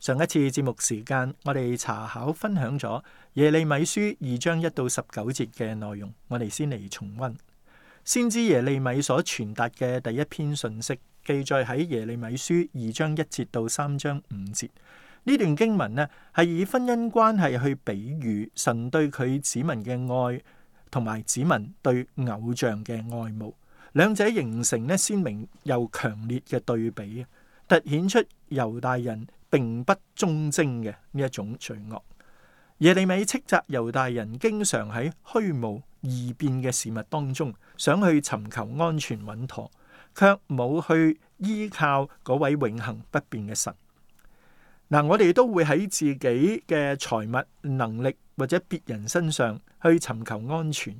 上一次節目時間，我哋查考分享咗耶利米書二章一到十九節嘅內容。我哋先嚟重溫，先知耶利米所傳達嘅第一篇信息，記載喺耶利米書二章一節到三章五節呢段經文呢，係以婚姻關係去比喻神對佢子民嘅愛，同埋子民對偶像嘅愛慕，兩者形成呢鮮明又強烈嘅對比，凸顯出猶大人，並不忠貞嘅呢一種罪惡。耶利米斥責猶大人，經常喺虛無易變嘅事物當中，想去尋求安全穩妥，卻冇去依靠嗰位永恆不變嘅神。嗱，我哋都會喺自己嘅財物、能力或者別人身上去尋求安全，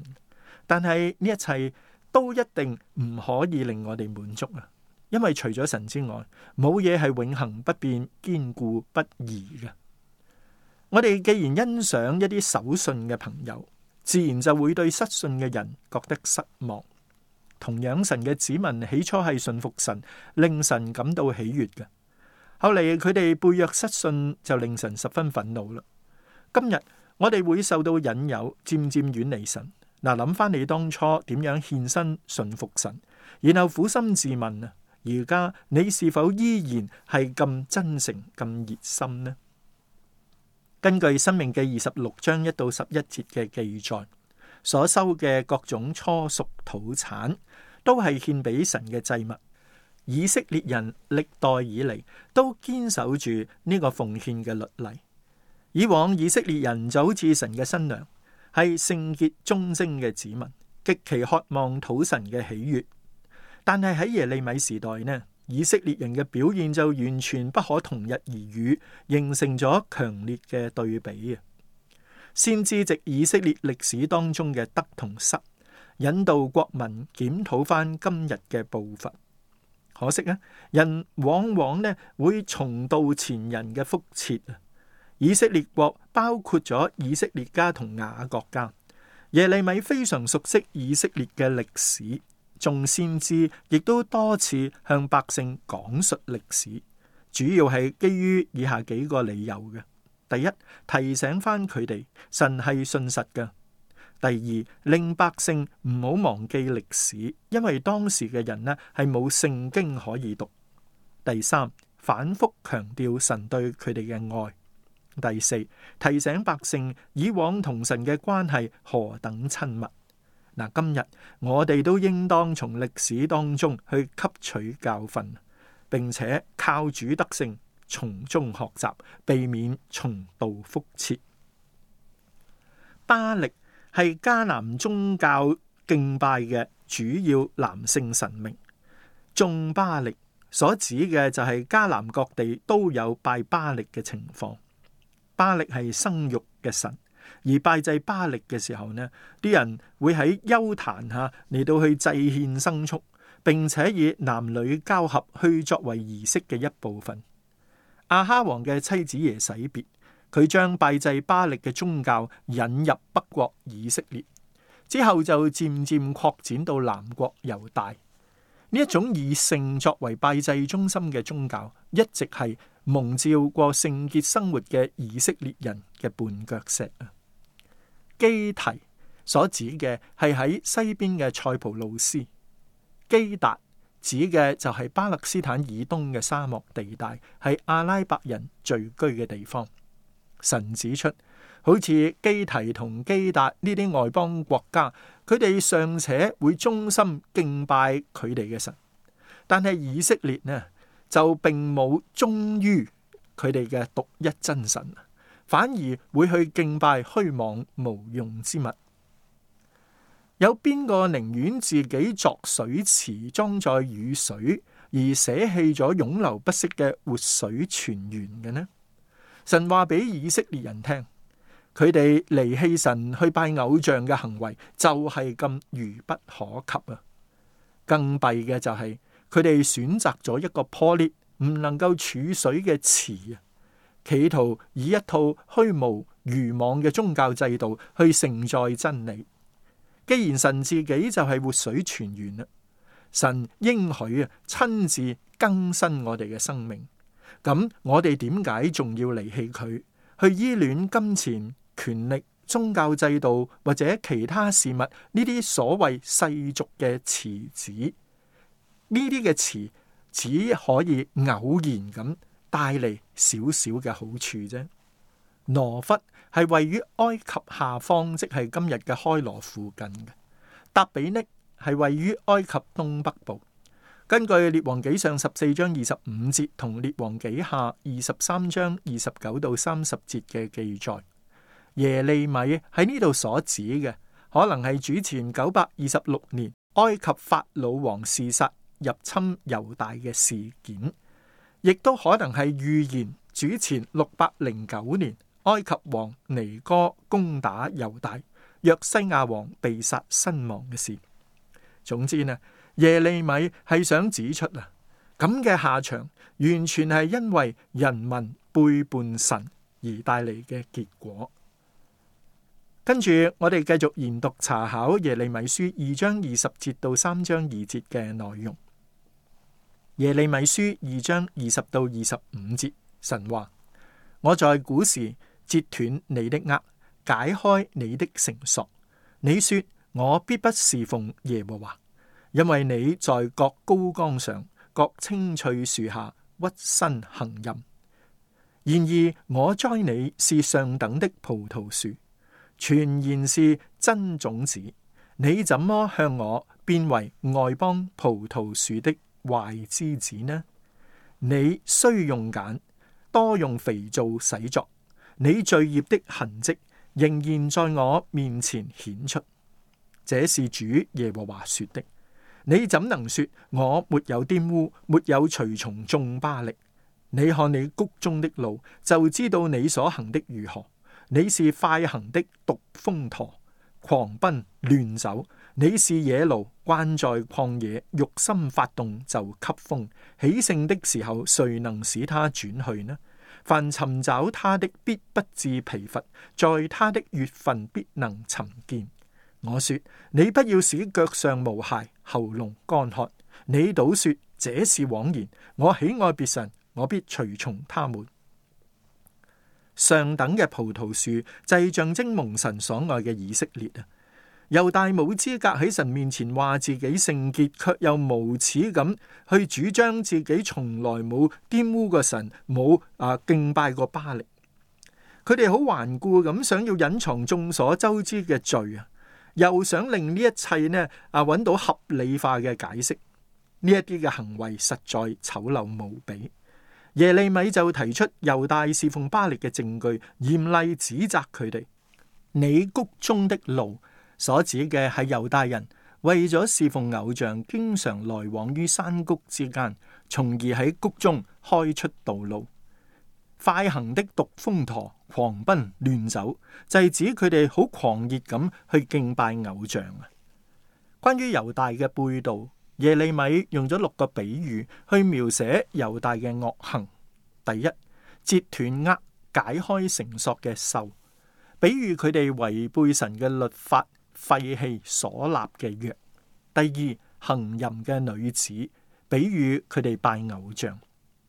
但係呢一切都一定唔可以令我哋滿足啊！因為除咗神之外，冇嘢係永恒不變、堅固不移嘅。我哋既然欣賞一啲守信嘅朋友，自然就會對失信嘅人覺得失望。同樣，神嘅子民起初係信服神，令神感到喜悅嘅。後嚟佢哋背約失信，就令神十分憤怒啦。今日我哋會受到引誘，漸漸遠離神。嗱，諗翻你當初點樣獻身信服神，然後苦心自問啊。而家你是否依然係咁真誠、咁熱心呢？根據《申命記》二十六章一到十一節嘅記載，所收嘅各種初熟土產都係獻俾神嘅祭物。以色列人歷代以嚟都堅守住呢個奉獻嘅律例。以往以色列人就好似神嘅新娘，係聖潔忠貞嘅子民，極其渴望討神嘅喜悦。但係喺耶利米時代呢，以色列人嘅表現就完全不可同日而語，形成咗強烈嘅對比啊！先知藉以色列歷史當中嘅得同失，引導國民檢討翻今日嘅步伐。可惜啊，人往往呢會重蹈前人嘅覆轍啊！以色列國包括咗以色列家同雅各家，耶利米非常熟悉以色列嘅歷史。仲先知，亦都多次向百姓講述歷史，主要係基於以下幾個理由嘅：第一，提醒翻佢哋神係信實嘅；第二，令百姓唔好忘記歷史，因為當時嘅人呢係冇聖經可以讀；第三，反覆強調神對佢哋嘅愛；第四，提醒百姓以往同神嘅關係何等親密。嗱，今日我哋都應當從歷史當中去吸取教訓，並且靠主德性從中學習，避免重蹈覆轍。巴力係迦南宗教敬拜嘅主要男性神明，眾巴力所指嘅就係迦南各地都有拜巴力嘅情況。巴力係生育嘅神。而拜祭巴力嘅時候，呢啲人會喺邱壇下嚟到去祭獻牲畜，並且以男女交合去作為儀式嘅一部分。亞哈王嘅妻子耶洗別，佢將拜祭巴力嘅宗教引入北國以色列之後，就漸漸擴展到南國猶大。呢一種以性作為拜祭中心嘅宗教，一直係蒙召過聖潔生活嘅以色列人嘅絆腳石。基提所指嘅係喺西邊嘅塞浦路斯，基達指嘅就係巴勒斯坦以東嘅沙漠地帶，係阿拉伯人聚居嘅地方。神指出，好似基提同基達呢啲外邦國家，佢哋尚且會忠心敬拜佢哋嘅神，但係以色列呢，就並冇忠於佢哋嘅獨一真神。反而會去敬拜虛妄無用之物。有邊個寧願自己作水池裝載雨水，而捨棄咗湧流不息嘅活水泉源嘅呢？神話俾以色列人聽，佢哋離棄神去拜偶像嘅行為就係咁愚不可及啊！更弊嘅就係佢哋選擇咗一個破裂唔能夠儲水嘅池啊！企圖以一套虛無愚妄嘅宗教制度去承載真理。既然神自己就係活水泉源，神應許啊，親自更新我哋嘅生命。咁我哋點解仲要離棄佢，去依戀金錢、權力、宗教制度或者其他事物，呢啲所謂世俗嘅池子？呢啲嘅池只可以偶然咁。帶嚟少少嘅好處啫。挪弗係位於埃及下方，即係今日嘅開羅附近嘅。答比匿係位於埃及東北部。根據《列王紀》上十四章二十五節同《列王紀》下二十三章二十九到三十節嘅記載，耶利米喺呢度所指嘅，可能係主前九百二十六年埃及法老王示撒入侵猶大嘅事件。亦都可能係預言主前六百零九年埃及王尼哥攻打猶大，約西亞王被殺身亡嘅事。總之呢，耶利米係想指出啊，咁嘅下場完全係因為人民背叛神而帶嚟嘅結果。跟住我哋繼續研讀查考耶利米書二章二十節到三章二節嘅內容。耶利米書二章二十到二十五節，神話：我在古時折斷你的軛，解開你的繩索。你說我必不侍奉耶和華，因為你在各高崗上、各青翠樹下屈身行淫。然而我栽你是上等的葡萄樹，全然是真種子。你怎麼向我變為外邦葡萄樹的？壞枝子呢？你雖用鹼，多用肥皂洗濯。你罪孽的痕迹仍然在我面前顯出。這是主耶和華說的。你怎能說我沒有玷污，沒有隨從眾巴力？你看你谷中的路，就知道你所行的如何。你是快行的獨峰駝。狂奔亂走，你是野驢，慣在曠野，欲心發動就吸風。起性的時候，誰能使他轉去呢？凡尋找他的，必不至疲乏，在他的月份必能尋見。我說：你不要使腳上無鞋，喉嚨乾渴。你倒說這是枉然。我喜愛別神，我必隨從他們。上等嘅葡萄樹，就係象徵蒙神所愛嘅以色列啊！又大冇資格喺神面前話自己聖潔，卻又無恥咁去主張自己從來冇玷污過神，冇啊敬拜過巴力。佢哋好頑固咁，想要隱藏眾所周知嘅罪啊，又想令呢一切呢啊搵到合理化嘅解釋。呢一啲嘅行為實在醜陋無比。耶利米就提出猶大侍奉巴力嘅證據，嚴厲指責佢哋。你谷中的路所指嘅係猶大人為咗侍奉偶像，經常來往於山谷之間，從而喺谷中開出道路。快行的獨峰駝狂奔亂走，就係指佢哋好狂熱咁去敬拜偶像啊。關於猶大嘅背道。耶利米用咗六個比喻去描寫猶大嘅惡行：第一，折斷呃，解開繩索嘅獸，比喻佢哋違背神嘅律法，廢棄所立嘅約；第二，行淫嘅女子，比喻佢哋拜偶像；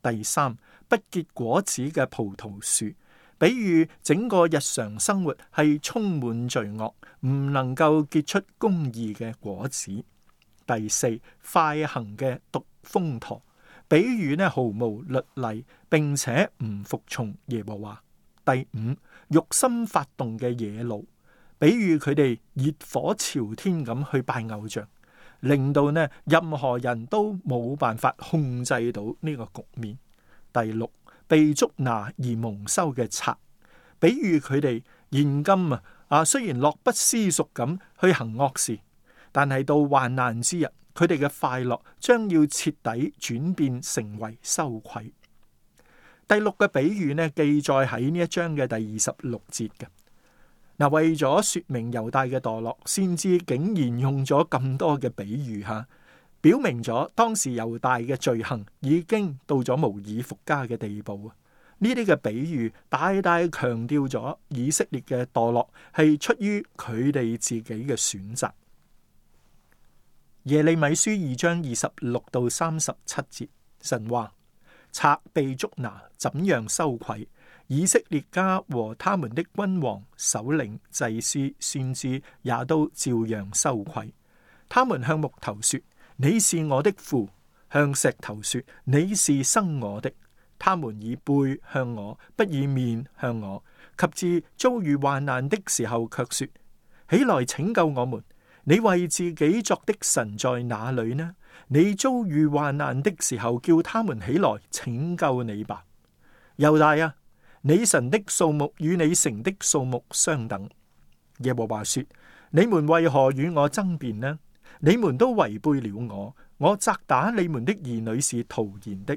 第三，不結果子嘅葡萄樹，比喻整個日常生活係充滿罪惡，唔能夠結出公義嘅果子。第四，快行嘅獨峰駝，比喻呢，毫無律例，並且唔服從耶和華。第五，欲心發動嘅野驢，比喻佢哋熱火朝天咁去拜偶像，令到呢任何人都冇辦法控制到呢個局面。第六，被捉拿而蒙羞嘅賊，比喻佢哋現今啊啊雖然樂不思蜀咁去行惡事。但係到患難之日，佢哋嘅快樂將要徹底轉變成為羞愧。第六個比喻咧，記載喺呢一章嘅第二十六節嘅。嗱，為咗說明猶大嘅墮落，先知竟然用咗咁多嘅比喻吓，表明咗當時猶大嘅罪行已經到咗無以復加嘅地步啊！呢啲嘅比喻大大強調咗以色列嘅墮落係出於佢哋自己嘅選擇。耶利米書二章二十六到三十七節，神話賊被捉拿，怎樣羞愧？以色列家和他們的君王、首領、祭司、先知也都照樣羞愧。他們向木頭說：你是我的父；向石頭說：你是生我的。他們以背向我，不以面向我，及至遭遇患難的時候，却說：起來拯救我們。你為自己作的神在哪裏呢？你遭遇患難的時候，叫他們起來拯救你吧。猶大啊，你神的數目與你城的數目相等。耶和華說：你們為何與我爭辯呢？你們都違背了我，我責打你們的兒女是徒然的，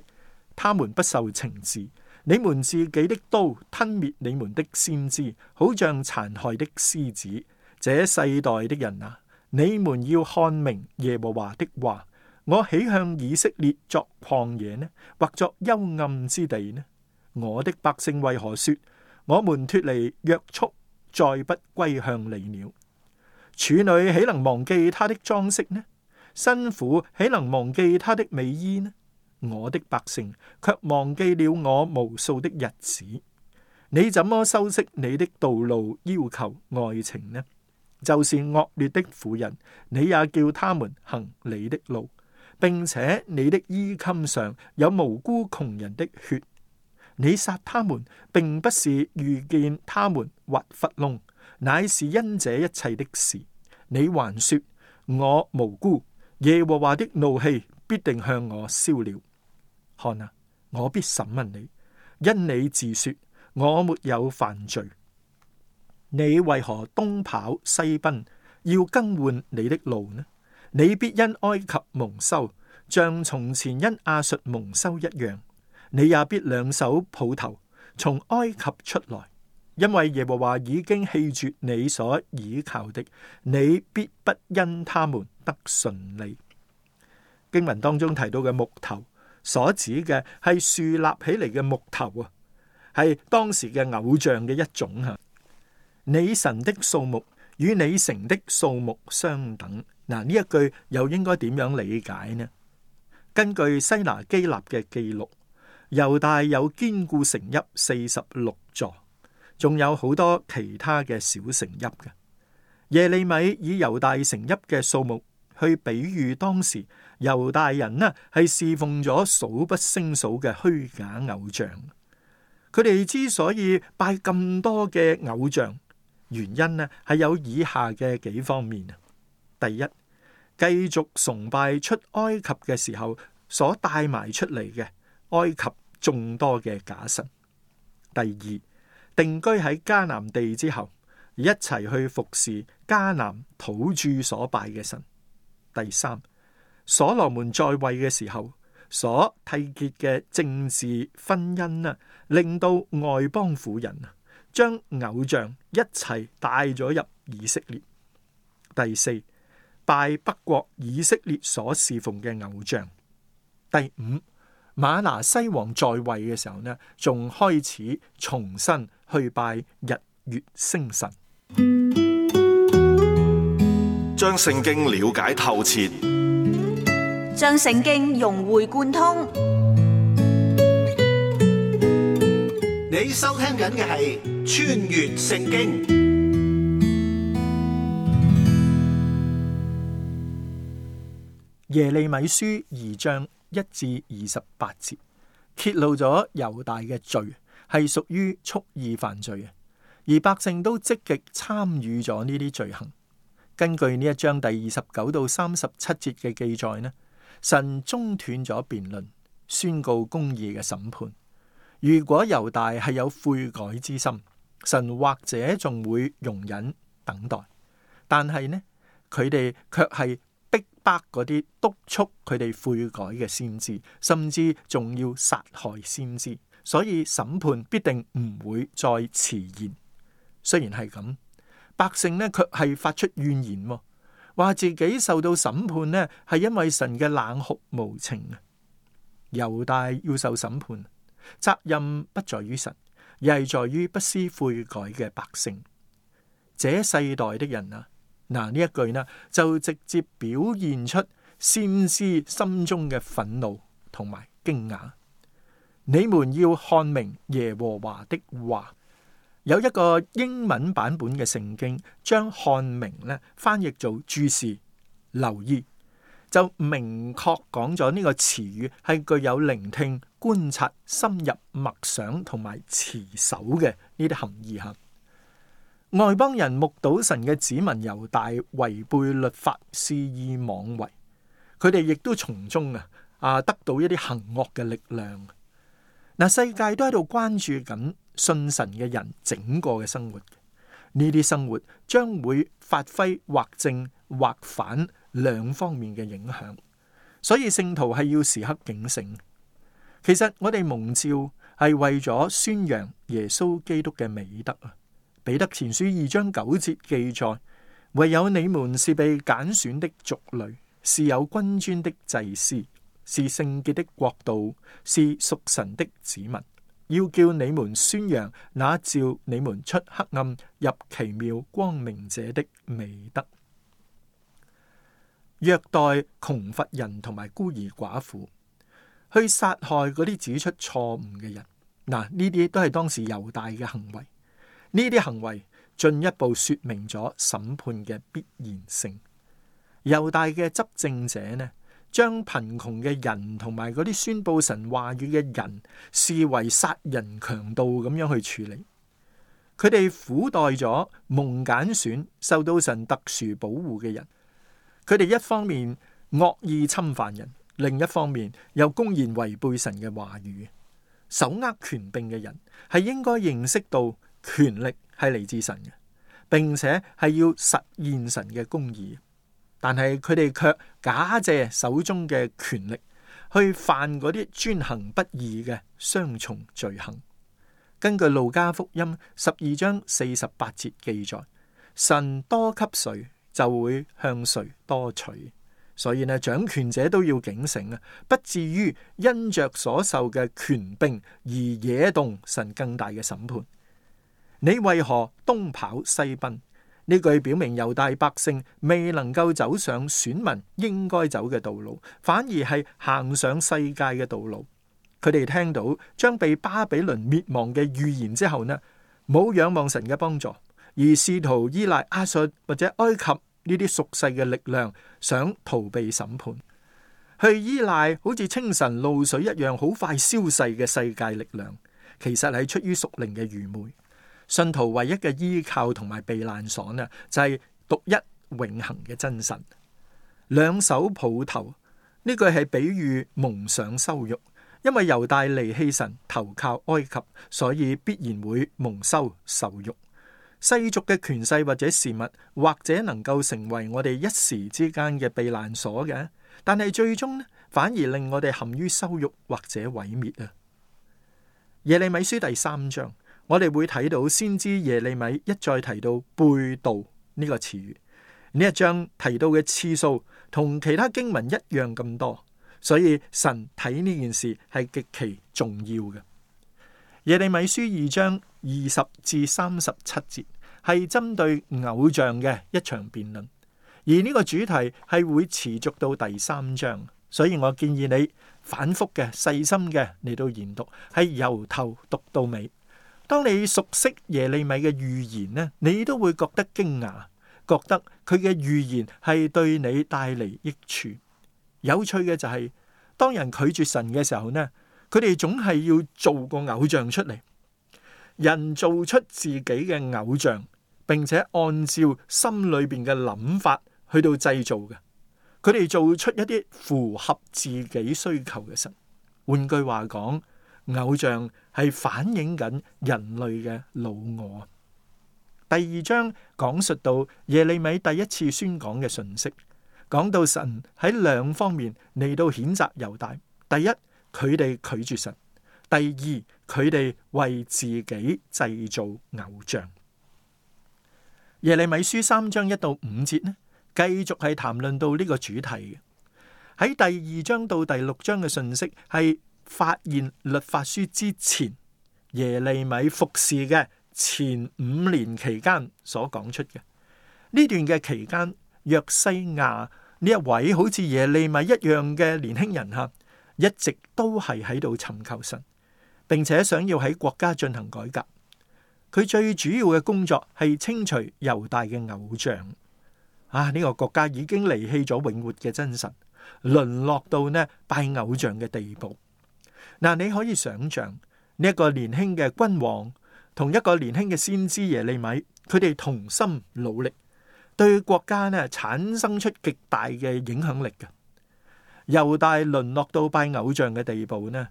他們不受懲治。你們自己的刀吞滅你們的先知，好像殘害的獅子。這世代的人啊！你們要看明耶和華的話，我豈向以色列作曠野呢，或作幽暗之地呢？我的百姓為何說：我們脫離約束，再不歸向你了？處女豈能忘記她的裝飾呢？新婦豈能忘記她的美衣呢？我的百姓卻忘記了我無數的日子。你怎麼修飾你的道路，要求愛情呢？就是惡劣的婦人，你也叫他們行你的路，並且你的衣襟上有無辜窮人的血。你殺他們，並不是遇見他們挖窟窿，乃是因這一切的事。你還說：我無辜，耶和華的怒氣必定向我消了。看啊，我必審問你，因你自說我沒有犯罪。你為何東跑西奔，要更換你的路呢？你必因埃及蒙羞，像從前因亞述蒙羞一樣。你也必兩手抱頭從埃及出來，因為耶和華已經棄絕你所倚靠的，你必不因他們得順利。經文當中提到嘅木頭，所指嘅係豎立起嚟嘅木頭啊，係當時嘅偶像嘅一種啊。你神的數目與你城的數目相等。嗱，呢一句又應該點樣理解呢？根據西拿基立嘅記錄，猶大有堅固城邑四十六座，仲有好多其他嘅小城邑㗎。耶利米以猶大城邑嘅數目去比喻當時猶大人，呢係侍奉咗數不勝數嘅虛假偶像。佢哋之所以拜咁多嘅偶像，原因呢係有以下嘅幾方面。第一，繼續崇拜出埃及嘅時候所帶埋出嚟嘅埃及眾多嘅假神；第二，定居喺迦南地之後，一齊去服侍迦南土著所拜嘅神；第三，所羅門在位嘅時候所締結嘅政治婚姻啊，令到外邦婦人將偶像一齊帶咗入以色列。第四，拜北國以色列所侍奉嘅偶像。第五，瑪拿西王在位嘅時候呢，仲開始重新去拜日月星辰。將聖經了解透徹，將聖經融會貫通。你收聽緊嘅係《穿越聖經》耶利米書二章一至二十八節，揭露咗猶大嘅罪係屬於蓄意犯罪嘅，而百姓都積極參與咗呢啲罪行。根據呢一章第二十九到三十七節嘅記載呢，神中斷咗辯論，宣告公義嘅審判。如果猶大係有悔改之心，神或者仲會容忍等待。但係呢，佢哋卻係逼迫嗰啲督促佢哋悔改嘅先知，甚至仲要殺害先知。所以審判必定唔會再遲延。雖然係咁，百姓呢卻係發出怨言，哦，話自己受到審判呢係因為神嘅冷酷無情啊！猶大要受審判。責任不在於神，而係在於不思悔改嘅百姓。這世代的人啊，嗱，呢一句呢，就直接表現出先知心中嘅憤怒同埋驚訝。你們要看明耶和華的話。有一個英文版本嘅聖經將看明呢翻譯做注視、留意，就明確講咗呢個詞語係具有聆聽觀察、深入默想同埋持守嘅呢啲含義行。下外邦人目睹神嘅子民猶大違背律法，肆意妄為，佢哋亦都從中啊啊得到一啲行惡嘅力量。嗱、啊，世界都喺度關注緊信神嘅人整個嘅生活，呢啲生活將會發揮或正或反兩方面嘅影響，所以聖徒係要時刻警醒。其實我哋蒙召係為咗宣揚耶穌基督嘅美德啊！彼得前書二章九節記載：唯有你們是被揀選的族類，是有君尊的祭司，是聖潔的國度，是屬神的子民，要叫你們宣揚那召你們出黑暗入奇妙光明者的美德，虐待窮乏人同埋孤兒寡婦。去殺害嗰啲指出錯誤嘅人，嗱，呢啲都係當時猶大嘅行為。呢啲行為進一步說明咗審判嘅必然性。猶大嘅執政者呢，將貧窮嘅人同埋嗰啲宣布神話語嘅人視為殺人強盜咁樣去處理。佢哋苦待咗蒙揀選、受到神特殊保護嘅人。佢哋一方面惡意侵犯人。另一方面，又公然違背神嘅話語，手握權柄嘅人係應該認識到權力係嚟自神嘅，並且係要實現神嘅公義。但係佢哋卻假借手中嘅權力，去犯嗰啲專行不義嘅雙重罪行。根據路加福音十二章四十八節記載，神多給誰，就會向誰多取。所以呢，掌權者都要警醒啊，不至於因着所受嘅權柄而惹動神更大嘅審判。你為何東跑西奔？呢句表明猶大百姓未能夠走上選民應該走嘅道路，反而係行上世界嘅道路。佢哋聽到將被巴比倫滅亡嘅預言之後呢，冇仰望神嘅幫助，而試圖依賴亞述或者埃及。呢啲俗世嘅力量想逃避審判，去依賴好似清晨露水一樣好快消逝嘅世界力量，其實係出於屬靈嘅愚昧。信徒唯一嘅依靠同埋避難所啊，就係獨一永恒嘅真神。兩手抱頭，呢句係比喻蒙上羞辱，因為猶大離棄神，投靠埃及，所以必然會蒙羞受辱。世俗嘅權勢或者事物，或者能夠成為我哋一時之間嘅避難所嘅，但係最終呢，反而令我哋陷於羞辱或者毀滅啊。耶利米書第三章，我哋會睇到先知耶利米一再提到背道呢個詞語，呢一章提到嘅次數同其他經文一樣咁多，所以神睇呢件事係極其重要嘅。耶利米書二章，二十至三十七節係針對偶像嘅一場辯論，而呢個主題係會持續到第三章，所以我建議你反覆嘅細心嘅嚟到研讀，係由頭讀到尾。當你熟悉耶利米嘅預言呢，你都會覺得驚訝，覺得佢嘅預言係對你帶嚟益處。有趣嘅就係，當人拒絕神嘅時候呢，佢哋總係要做個偶像出嚟。人做出自己嘅偶像，並且按照心裏邊嘅諗法去到製造嘅，佢哋做出一啲符合自己需求嘅神。換句話講，偶像係反映緊人類嘅老我。第二章講述到耶利米第一次宣講嘅信息，講到神喺兩方面嚟到譴責猶大，第一，佢哋拒絕神，第二。佢哋為自己製造偶像。耶利米書三章一到五節呢，繼續係談論到呢個主題嘅。喺第二章到第六章嘅信息，係發現律法書之前，耶利米服侍嘅前五年期間所講出嘅。呢段嘅期間，約西亞呢一位好似耶利米一樣嘅年輕人吓，一直都係喺度尋求神，並且想要喺國家進行改革，佢最主要嘅工作係清除猶大嘅偶像。啊、呢，這個國家已經離棄咗永活嘅真神，淪落到呢拜偶像嘅地步。嗱、啊,你可以想象呢一個年輕嘅君王同一個年輕嘅先知耶利米,佢哋同心努力，對國家呢產生出極大嘅影響力嘅。猶大淪落到拜偶像嘅地步呢？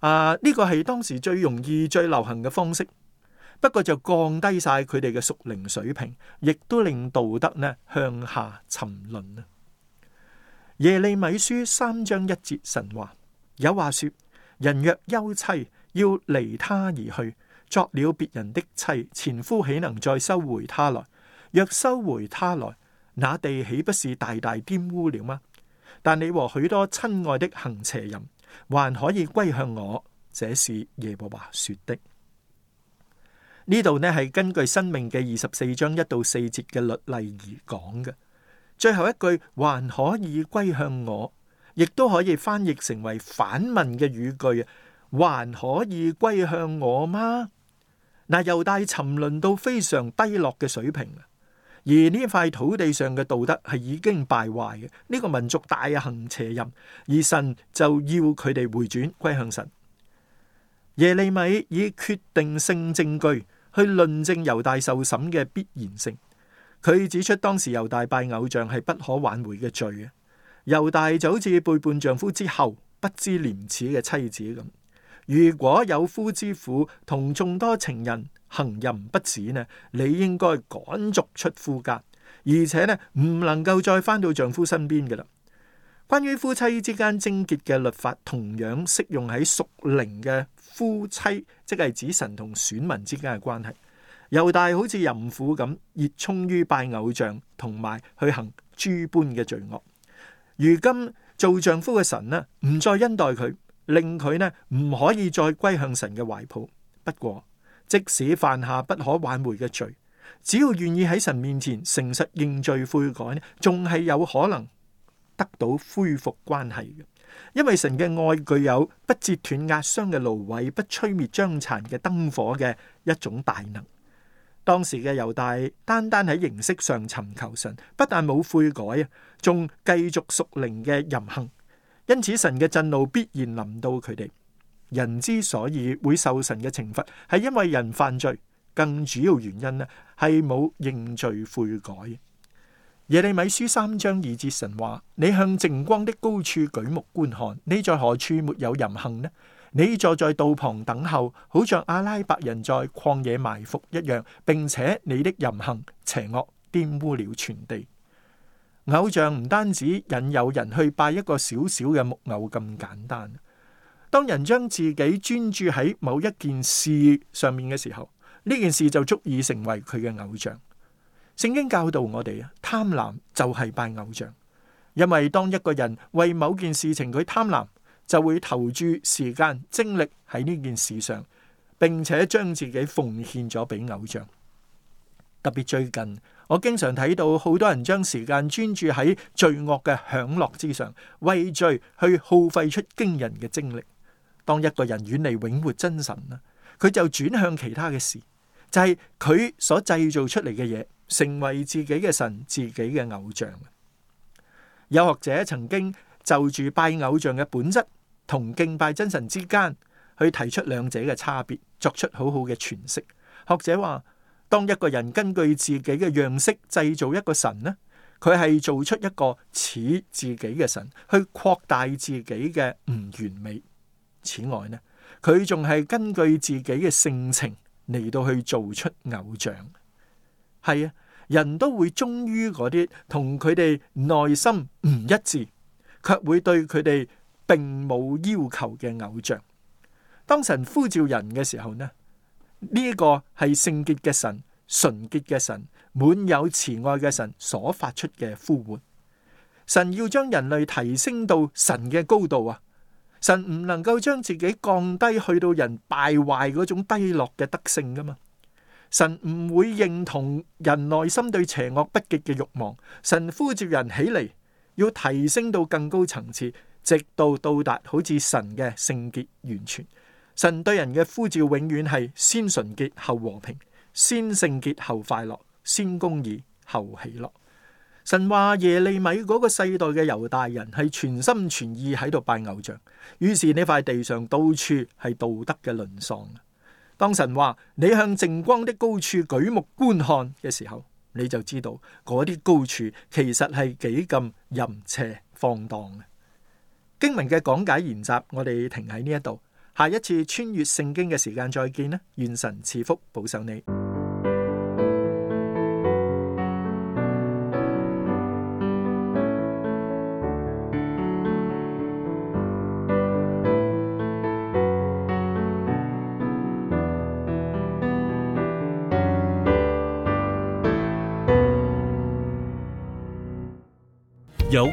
啊！呢、這個係當時最容易、最流行嘅方式，不過就降低晒佢哋嘅屬靈水平，亦都令道德呢向下沉淪啊！耶利米書三章一節神話有話說：人若休妻，要離他而去，作了別人的妻，前夫豈能再收回他來？若收回他來，那地豈不是大大玷污了嗎？但你和許多親愛的行邪淫。」還可以歸向我，這是耶和華說的。呢度呢係根據《生命》嘅二十四章一到四節嘅律例而講嘅。最後一句還可以歸向我，亦都可以翻譯成為反問嘅語句。還可以歸向我嗎？嗱，猶大沉淪到非常低落嘅水平而呢一塊土地上嘅道德係已經敗壞嘅，呢、這個民族大行邪淫，而神就要佢哋回轉歸向神。耶利米以決定性證據去論證猶大受審嘅必然性，佢指出當時猶大拜偶像係不可挽回嘅罪啊！猶大就好似背叛丈夫之後不知廉恥嘅妻子咁，如果有夫之婦同眾多情人，行淫不止呢，你應該趕逐出夫家，而且呢唔能夠再翻到丈夫身邊嘅啦。關於夫妻之間貞潔嘅律法，同樣適用喺屬靈嘅夫妻，即係指神同選民之間嘅關係。猶大好似淫婦咁，熱衷於拜偶像，同埋去行諸般嘅罪惡。如今做丈夫嘅神呢，唔再恩待佢，令佢呢唔可以再歸向神嘅懷抱。不過，即使犯下不可挽回嘅罪，只要願意喺神面前誠實認罪悔改，呢仲係有可能得到恢復關係嘅。因為神嘅愛具有不折斷壓傷嘅蘆葦，不吹滅將殘嘅燈火嘅一種大能。當時嘅猶大單單喺形式上尋求神，不但冇悔改啊，仲繼續屬靈嘅淫行，因此神嘅震怒必然臨到佢哋。人之所以會受神嘅懲罰，係因為人犯罪，更主要原因呢係冇認罪悔改。耶利米書三章二節神話：「你向淨光的高處舉目觀看，你在何處沒有淫行呢？你坐在道旁等候，好像阿拉伯人在曠野埋伏一樣，並且你的淫行邪惡，玷污了全地。偶像唔單止引誘人去拜一個小小嘅木偶咁簡單。當人將自己專注喺某一件事上面嘅時候，呢件事就足以成為佢嘅偶像。聖經教導我哋啊，貪婪就係拜偶像。因為當一個人為某件事情佢貪婪，就會投注時間、精力喺呢件事上，並且將自己奉獻咗俾偶像。特別最近，我經常睇到好多人將時間專注喺罪惡嘅享樂之上，為罪去耗費出驚人嘅精力。當一個人遠離永活真神啦，佢就轉向其他嘅事，就係佢所製造出嚟嘅嘢成為自己嘅神，自己嘅偶像。有學者曾經就住拜偶像嘅本質同敬拜真神之間去提出兩者嘅差別，作出好好嘅詮釋。學者話，當一個人根據自己嘅樣式製造一個神咧，佢係做出一個似自己嘅神，去擴大自己嘅唔完美。此外呢，佢仲係根據自己嘅性情嚟，到去做出偶像。係啊，人都會忠於嗰啲同佢哋內心唔一致，卻會對佢哋並冇要求嘅偶像。當神呼召人嘅時候呢，呢、這、一個係聖潔嘅神、純潔嘅神、滿有慈愛嘅神所發出嘅呼喚。神要將人類提升到神嘅高度啊！神唔能夠將自己降低去到人敗壞嗰種低落嘅德性噶嘛。神唔會認同人內心對邪惡不潔嘅慾望。神呼召人起嚟，要提升到更高層次，直到到達好似神嘅聖潔完全。神對人嘅呼召永遠係先純潔後和平，先聖潔後快樂，先公義後喜樂。神話耶利米嗰個世代嘅猶大人係全心全意喺度拜偶像，於是呢塊地上到處係道德嘅淪喪。當神話你向淨光的高處舉目觀看嘅時候，你就知道嗰啲高處其實係幾咁淫邪放蕩嘅。經文嘅講解研習，我哋停喺呢一度，下一次穿越聖經嘅時間再見啦。願神賜福保守你。